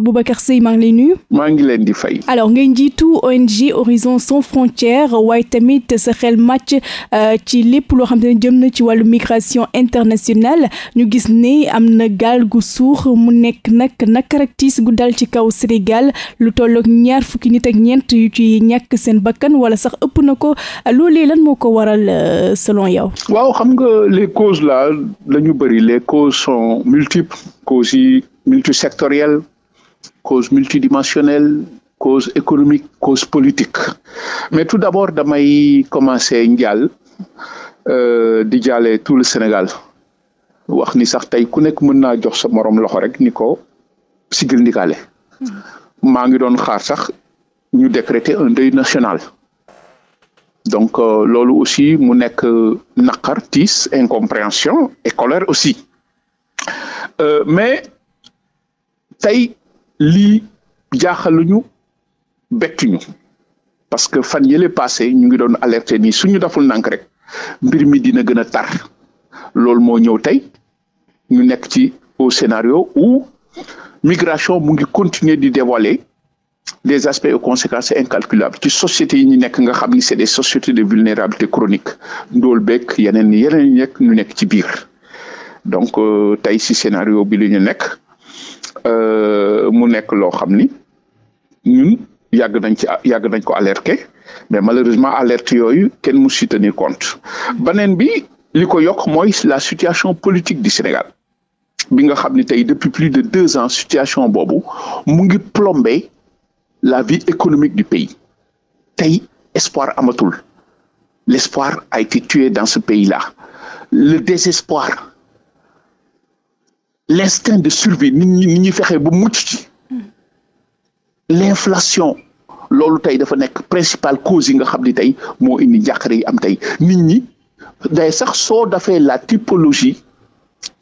Boubacar sey maa ngi lay nuyu. maa ngi leen di fay. alors ngay njiitu ONG Horizon Sans Frontières waaye tamit sa xel màcc euh, ci lépp loo xam te ne jëm na ci wàllu migration internationale ñu gis ni am na gaal gu suux mu nekk nag nag rek gu dal ci kaw Sénégal lu tollook ñaar fukki nit ak ñeent yu ci ñàkk seen bakkan wala sax ëpp na ko loolee lan moo ko waral euh, selon yow. waaw xam nga les causes là dañu bëri les causes sont multiples causes yi multisectorielles. cause multidimensionnelle cause économique cause politique mais tout d'abord damay commencer njaal euh, di jale tout le Sénégal wax ni sax tey ku nekk mën naa jox sa morom loxo rek ni ko sigil ndikaale hmm. maa ngi doon xaar sax ñu décréter un deuil national donc euh, loolu aussi mu nekk euh, naqar tiis incompréhension et colère aussi euh, mais tey lii jaaxaluñu bettuñu parce que fan yële passé ñu ngi doon alerté nii suñu daful nànk rek mbir mi dina gën a tar loolu moo ñëw tey ñu nekk ci au scénario où migration mu ngi continuer di dévoiler des aspects et conséquences incalculables ci sociétés yi ñu nekk nga xam ni c'est des sociétés de vulnérabilité chronique ndool bekk yeneen yeneen ñu nekk ñu nekk ci biir donc euh, tey si scénario bi li ñu nekk Euh, mu nekk loo xam ni ñun yàgg nañ ci yàgg nañ ko alerter mais malheureusement alerte yooyu kenn mu si tenir compte beneen bi li ko yokk mooy la situation politique du Sénégal bi nga xam ni tey depuis plus de deux ans situation boobu mu ngi plombé la vie économique du pays tey espoir amatul l'espoir a été tué dans ce pays-là le désespoir les l'instinct de survie nit ñi nit ñi fexe ba mucc l'inflation loolu tey dafa nekk principale cause yi nga xam ni tey moo indi njàqare yi am tey nit ñi day sax soo dafee la typologie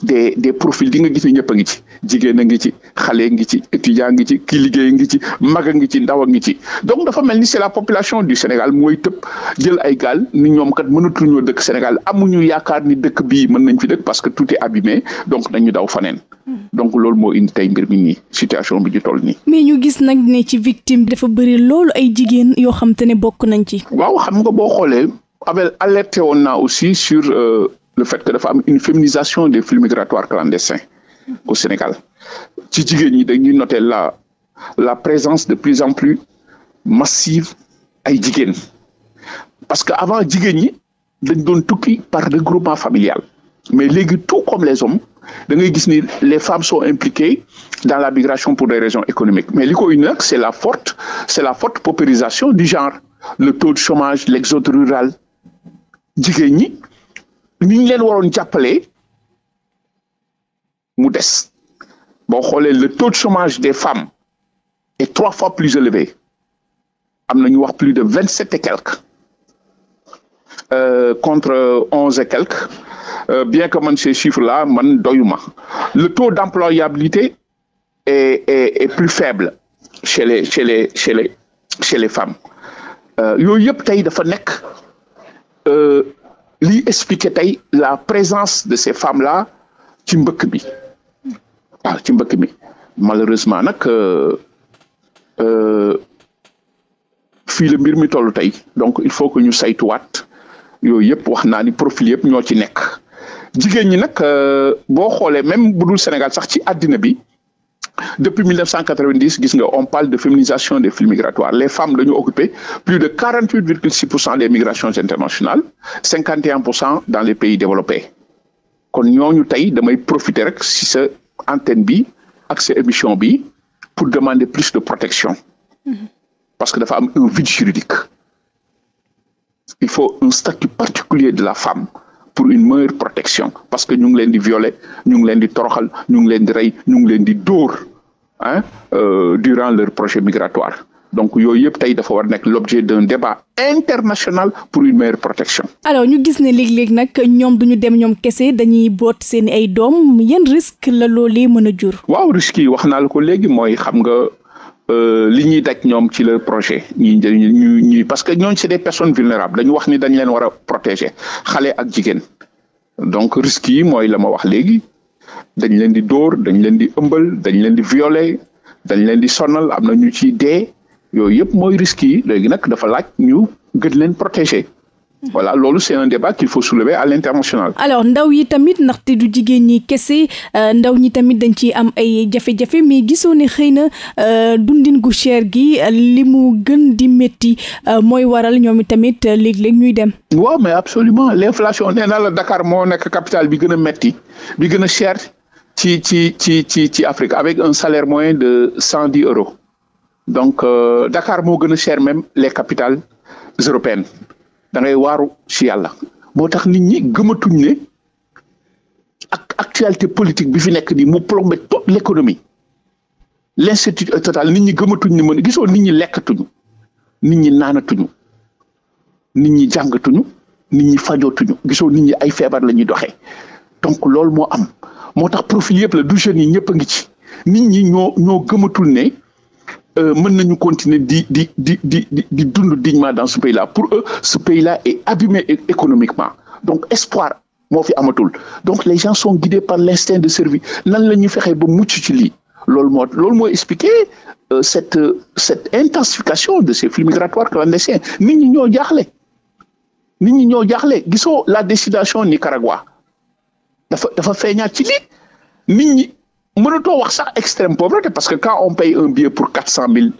des des profils nga gis ñëpp a ngi ci jigéen a ngi ci xale ngi ci étudiant ngi ci ki liggéey ngi ci mag a ngi ci ndaw a ci donc dafa mel ni c'est la population du Sénégal mooy tëb jël ay gaal ni ñoom kat mënatuñoo dëkk Sénégal amuñu yaakaar ni dëkk bii mën nañ fi dëkk parce que tout est abîmé donc nañu daw faneen hmm. donc loolu moo indi mbir mi nii situation bi ñu toll nii. mais ñu gis nag ne ci victime bi dafa bëri loolu ay jigéen yoo xam te ne bokk nañ ci. waaw xam nga boo xoolee abe alerté woon naa aussi sur. Euh, le fait que dafa am une féminisation des flux migratoires clandestins au Sénégal ci jigéen ñi dañuy noter la la présence de plus en plus massive ay jigéen parce que avant jigéen ñi dañ doon tukki par regroupement familial mais léegi tout comme les hommes da ngay gis ni les femmes sont impliquées dans la migration pour des raisons économiques mais li ko indi c'est la forte c'est la forte paupérisation du genre le taux de chômage l'exode rural jigéen ñi ni leen waroon jàppale mu des boo xoolee le taux de chômage des femmes est trois fois plus élevé am na ñu wax plus de vingt sept et quelques euh, contre euh, onze et quelques euh, bien que man ces chiffres là man doyuma le taux d'employabilité est, est est plus faible chez les chez les chez les les femmes euh, yooyu yëpp tey dafa nekk. liy expliquer tey la présence de ces femmes la ci mbëkk bi waaw ci mbëkk bi malheureusement nag euh, euh, fii la mbir mi toll tey donc il faut que ñu saytuwaat yooyu yëpp wax naa ni profil yëpp ñoo ci nekk jigéen ñi nag euh, boo xoolee même bu dul Sénégal sax ci àddina bi depuis 1990 gis nga on parle de féminisation des flux migratoires les femmes dañu occupé plus de 48 virgule 6 pour cent des migrations internationales 51 pour dans les pays développés kon ñooñu tey damay profiter rek si sa antenne bi ak sa émission bi pour demander plus de protection mm-hmm. parce que dafa am un vide juridique il faut un statut particulier de la femme pour une meilleure protection parce que ñu ngi leen di violer ñu ngi leen di toroxal ñu ngi leen di rey ñu ngi leen di dóor hein euh, durant leur projet migratoire donc yooyu yëpp tey dafa war nekk l'objet d'un débat international pour une meilleure protection. alors ñu gis ne léeg-léeg nag ñoom dañu dem ñoom kese dañuy boot seen ay doom yan risque la loolee mën a jur. waaw risque yi wax naa la ko léegi mooy xam nga euh, li ñuy daj ñoom ci leur projet ñi ñu ñuy parce que ñooñu c'est des personnes vulnérables dañu wax ni dañ leen war a protéger xale ak jigéen donc risque yi mooy la ma wax léegi. dañ leen di dóor dañ leen di ëmbal dañ leen di violer dañ leen di sonal am na ñu ci dee yooyu yëpp mooy risques yi léegi nag dafa laaj ñu gën leen protéger. Mhm. voilà loolu c'est un débat qu'il faut soulever à ndaw yi tamit ndaxte du jigéen ñi kese euh, ndaw ñi tamit dañ ci am ay jafe-jafe mais gisoo ne xëy na euh, dundin gu cher gi li mu gën di métti euh, mooy waral ñoom tamit léeg-léeg ñuy dem. waaw mais absolument l'inflation nee naa la Dakar moo nekk capitale bi gën a métti bi gën a cher ci ci ci ci ci Afrique avec un salaire moyen de cent dix euros donc euh, Dakar moo gën a cher même les capitales européennes da waaru ci yàlla moo tax nit ñi gëmatuñ ne ak actualité politique bi fi nekk nii mu plombé toute l' économie l' total nit ñi gëmatuñ ne mën gisoo nit ñi lekkatuñu nit ñi naanatuñu nit ñi jàngatuñu nit ñi fajootuñu gisoo nit ñi ay feebar la ñuy doxee donc loolu moo am moo tax profil yëpp la du jeunes yi ñëpp a ngi ci ni ñi ñoo ñoo gëmatul ne euh, mën nañu continuer di di di di di dund dignement dans ce pays la pour eux ce pays là est abîmé économiquement donc espoir moo fi amatul donc les gens sont guidés par l'instinct de survie nan la ñu fexee ba mucc ci lii loolu moo loolu moo expliqué euh, cette cette intensification de ces flux migratoires clandestins nit ñi ñoo jaaxle ni ñi ñoo jaaxle gisoo la destination Nicaragua dafa dafa feeñaat ci lii nit ñi mënatoo wax sax extrême pauvreté parce que quand on paye un billet pour quatre cent mille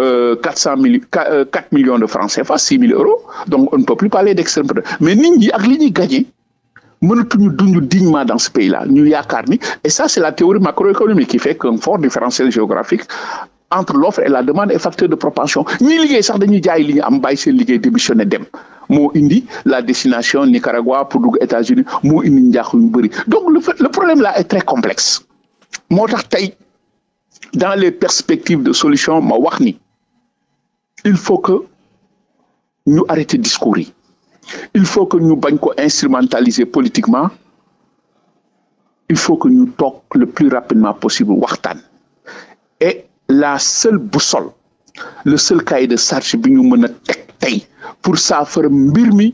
euh, quatre cent mille euh, quatre millions de francs CFA six mille euros donc on ne peut plus parler d'extrême pauvreté mais nit ñi ak li ñu gagné mënatuñu dund dignement dans ce pays là ñu yaakaar ni et ça c'est la théorie macroéconomique qui fait qu'un fort différentiel géographique entre l'offre et la demande est facteur de propension ñi liggéey sax dañuy jaay li ñu am bay seen liggéey démissionné dem moo indi la destination Nicaragua pour dugg États-Unis moo indi njaaxu yu bëri donc le le problème là est très complexe moo tax tey dans les perspectives de solution ma wax ni il faut que ñu arrêter discours yi il faut que ñu bañ ko instrumentaliser politiquement il faut que ñu toog le plus rapidement possible waxtaan la seule boussole le seul cahier de charge bi ñu mën a teg tey pour saafara mbir mi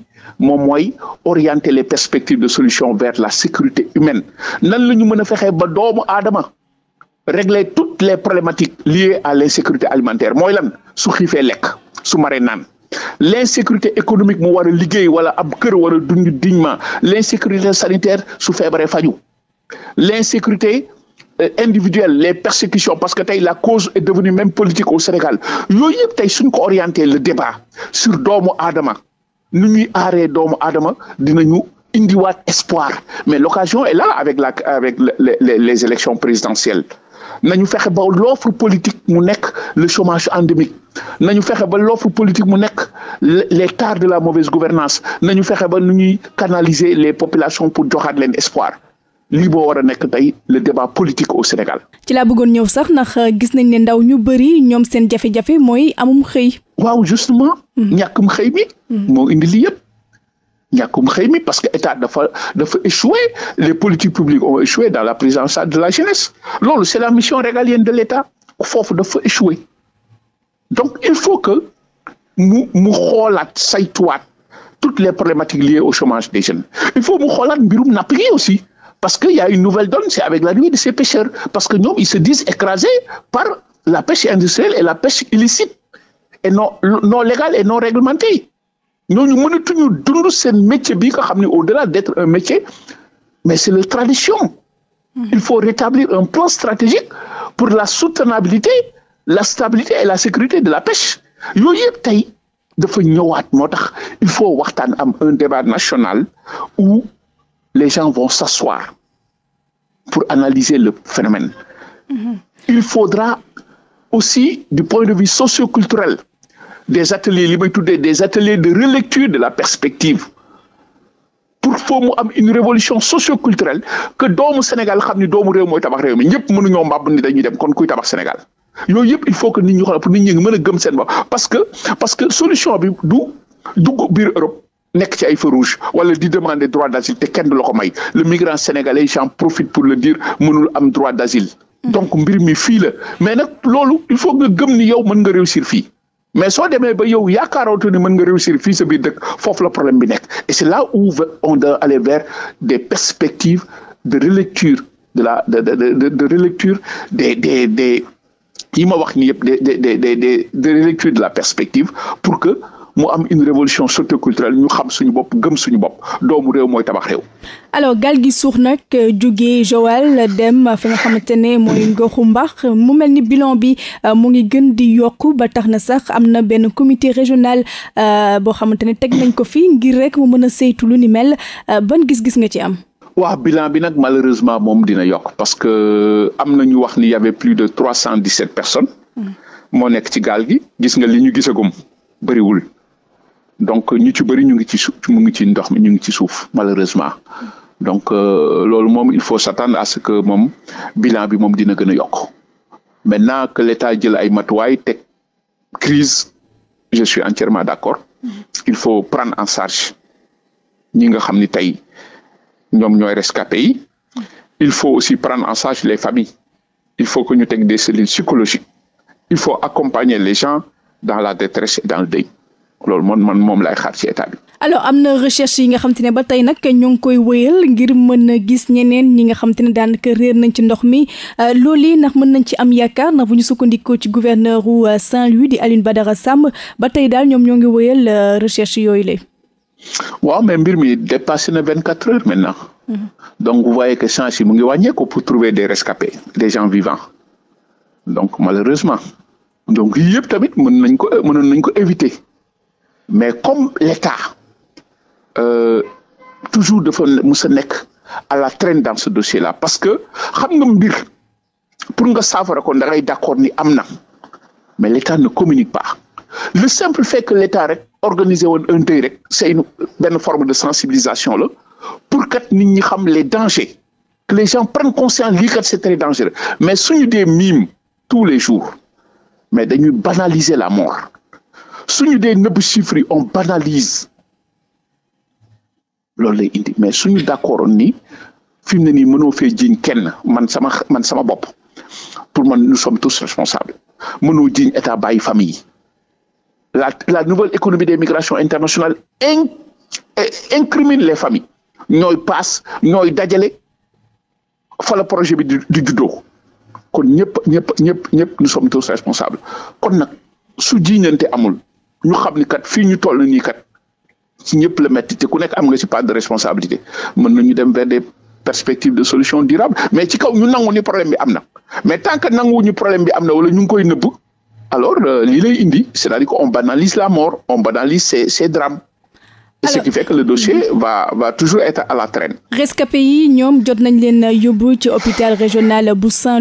moom mooy orienter les perspectives de solution vers la sécurité humaine nan la ñu mën a fexee ba doomu aadama régler toutes les problématiques liées à l'insécurité alimentaire mooy lan su xiifee lekk su maree naan l'insécurité économique mu war a liggéey wala ab kër war a dund dignement l'insécurité sanitaire su feebaree faju l'insécurité Euh, individuelles les persécutions parce que tey la cause est devenue même politique au Sénégal yooyu yëpp tey suñ ko orienté le débat sur doomu aadama nu ñuy aaree doomu aadama dinañu indiwaat espoir mais l'occasion est là avec la avec les les, les élections présidentielles nañu fexe ba l'offre politique mu nekk le chômage endémique nañu fexe ba l'offre politique mu nekk les tares de la mauvaise gouvernance nañu fexe ba nu ñuy canaliser les populations pour joxaat leen espoir lii moo war a nekk tey le débat politique au Sénégal. ci laa bëggoon ñëw sax ndax euh, gis nañ ne ndaw ñu bëri ñoom seen jafe-jafe mooy amum xëy. waaw justement. Mm. ñàkkum xëy mi. Mm. moo indi lii yëpp. ñàkkum xëy mi parce que état dafa dafa échoué les politiques publiques ont échoué dans la prise en de la jeunesse loolu c'est la mission régalienne de l'État foofu dafa échoué donc il faut que mu mu xoolaat saytuwaat toutes les problématiques liées au chômage des jeunes faut mu xoolaat mbirum napp aussi Parce qu'il y a une nouvelle donne, c'est avec l'arrivée de ces pêcheurs. Parce que nous, ils se disent écrasés par la pêche industrielle et la pêche illicite, et non, non légale et non réglementée. Nous, nous, nous, nous, c'est métier, au-delà d'être un métier, mais c'est la tradition. Hmm. Il faut rétablir un plan stratégique pour la soutenabilité, la stabilité et la sécurité de la pêche. yooyu yëpp tey dafa ñëwaat moo tax il faut waxtaan am un débat national les gens vont s'asseoir pour analyser le phénomène. Mm-hmm. Il faudra aussi, du point de vue socioculturel, des ateliers, des ateliers de relecture de la perspective. pour foo mu am une révolution culturel que doomu Sénégal xam ni doomu réew mooy tabax réew mi ñëpp mënuñoo mbàbb ni dañuy dem kon kuy tabax Sénégal yooyu yëpp il faut que ni ñu xam pour nit ñi mën a gëm seen bopp parce que parce que solution bi du dugg biir Europe nekk ci ay feu rouge wala di demander droit d'asile te kenn du la may le migrant sénégalais j'en profite pour le dire mënul am droit d'asile mm. donc mbir mi fii la mais nag loolu il faut nga gëm ni yow mën nga réussir fii mais soo demee ba yow yaakaarootu ni mën nga réussir fi sa biir dëkk foofu la problème bi nekk et c'est là où on doit aller vers des perspectives de relecture de la de de de de relecture des des des yi ma wax ni yëpp des des de des de relecture de la perspective pour que mu am une révolution socioculturelle ñu xam suñu bopp gëm suñu bopp doomu réew mooy tabax réew. alors gaal gi suux nag euh, jógee Joal dem fi nga xamante ne mooy Ngoxu Mbax mu mel ni bilan bi euh, mu ngi gën di yokk ba tax na sax am na benn comité régional euh, boo xamante ne teg nañ ko fi ngir rek mu mën a saytu lu ni mel ban gis-gis nga ci am. waaw bilan bi nag malheureusement moom dina yokk parce que am na ñu wax ni y plus de trois cent dix-sept personnes. Hmm. moo nekk ci gaal gi gis nga li ñu gisagum bëriwul. donc ñu ci bëri ñu ngi ci suuf mu ngi ci ndox mi ñu ngi ci suuf malheureusement donc euh, loolu moom il faut s'attendre à ce que moom bilan bi moom dina gën a yokk maintenant que l'État jël ay matuwaay teg crise je suis entièrement d'accord mm-hmm. il faut prendre en charge ñi nga xam ni tey ñoom ñooy rescapé yi mm-hmm. il faut aussi prendre en charge les familles il faut que ñu teg des cellules psychologiques il faut accompagner les gens dans la détresse et dans le deuil loolu man man moom laay xaar ci état am na recherche yi nga xam te ne ba tey nag ñoo ngi koy wéyal ngir mën a gis ñeneen ñi nga xam te ne daanaka réer nañ ci ndox mi euh, loolu ndax mën nañ ci am yaakaar ndax bu ñu sukkandikoo ci gouverneur wu euh, Saint-Louis di Alioune Badara sàmm ba tey daal ñoom ñoo ngi wéyal euh, recherche yooyu le waaw mais mbir mi dépassé na vingt quatre heures maintenant. Mm donc vous que chance yi mu ngi wàññeeku pour trouver des rescapés des gens vivants donc malheureusement donc yëpp tamit mën nañ ko mënoon nañ ko éviter. mais comme l'État euh, toujours dafa musa nekk à la traîne dans ce dossier là parce que xam nga mbir pour nga saafara ko da ngay d'accord ni am na mais l'État ne communique pas le simple fait que l'État rek organiser woon un deuil rek c'est une benn forme de sensibilisation là pour kat nit ñi xam les dangers que les gens prennent conscience lii kat c'est très dangereux mais suñu dee mime tous les jours mais dañuy banaliser la mort suñu dee nëbb chiffres yi on banalise loolu lay indi mais suñu d'accord ni fi mu ne nii mënoo fee jiiñ kenn man sama man sama bopp pour man nous sommes tous responsables mënoo jiiñ état bàyyi famille yi la la nouvelle économie des migrations internationales eh, incrimine les famille ñooy paas ñooy dajale fa la projet bi di juddoo kon ñëpp ñëpp ñëpp ñëpp nous sommes tous responsables kon nag su jiiñante amul ñu xam ni kat fii ñu toll nii kat ci ñëpp la metti te ku nekk am nga ci part de responsabilité na ñu dem vers des perspectives de solution durable mais ci kaw ñu nangu ni problème bi am na mais tant que nanguwuñu problème bi am na wala ñu ngi koy nëbb alors euh, lii lay indi c'est-à-dire qu'on banalise la mort on banalise ces ces drames Alors, ce qui fait que le dossier va va toujours être à la traîne. rescapé yi ñoom jot nañ leen yóbbu ci hôpital régional bu saint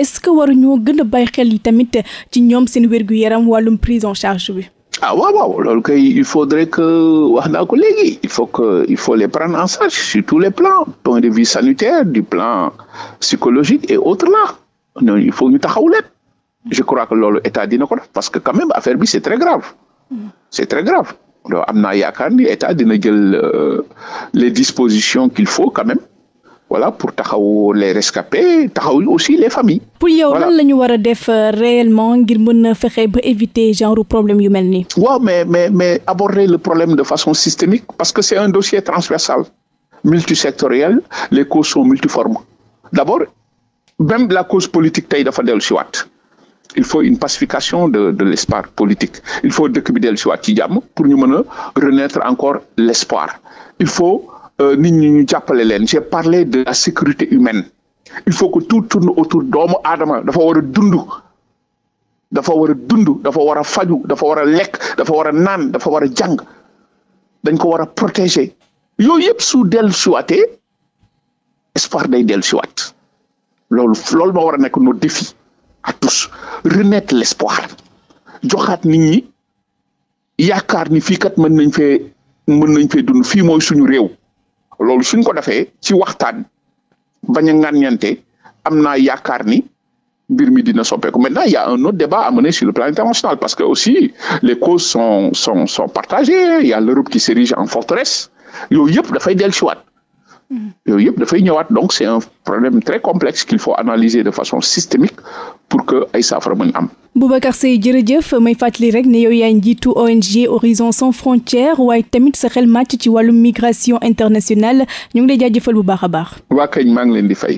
est-ce que waruñoo gën a bàyyi xel yi tamit ci ñoom seen wér gu wàllum prise en charge bi. ah waaw waaw loolu kay il faudrait que wax naa ko léegi il faut que il faut les prendre en charge sur les plans point de vue sanitaire du plan psychologique et autres là non il faut ñu taxaw lépp je crois que loolu état dina ko def parce que quand même affaire bi c'est très grave c'est très grave donc am naa yaakaar ni état dina jël euh, les dispositions qu'il faut quand même voilà pour taxawu les rescapés taxaw aussi les familles. pour yow lan la ñu war a def euh, réellement ngir mën na fexe ba éviter genre problème yu mel ni waaw mais mais mais aborder le problème de façon systémique parce que c'est un dossier transversal multisectoriel les causes sont multiformes d'abord même la cause politique tey dafa dellu si il faut une pacification de de l'espace politique il faut dëkk bi dellu si waat ci jàmm pour ñu mën a renaître encore l'espoir il faut. Euh, nit ñi ñu jàppale leen j'ai parlé de la sécurité humaine il faut que tout tourne autour doomu aadama dafa war a dund dafa war dundu dafa war a faju dafa war a lekk dafa war a naan dafa war a jàng dañ ko war a protéger yooyu yëpp su dellu siwaatee espoir day dellu siwaat loolu loolu moo war a nekk nos défis à tous renaître l'espoir joxaat nit ñi yaakaar ni fii kat mën nañ fee mën nañ fee dund fii mooy suñu réew loolu suñ ko defee ci waxtaan bañ a ŋàññante am naa yaakaar ni mbir mi dina soppeeku maintenant il y a un autre débat à sur le plan international parce que aussi les causes sont sont sont partagées il y a l'Europe qui s'érige en forteresse yooyu yëpp dafay dellusiwaat Mhm. yooyu yëpp dafay ñëwaat donc c'est un problème très complexe qu'il faut analyser de façon systémique pour que ay saafara mën am. Boubacar Seye jërëjëf may fàttali rek ne yow yaay njiitu ONG Horizon Sans Frontières waaye tamit sa xel màcc ci wàllum migration internationale ñu ngi lay jaajëfal bu baax a baax. waa kañ maa ngi leen di fay.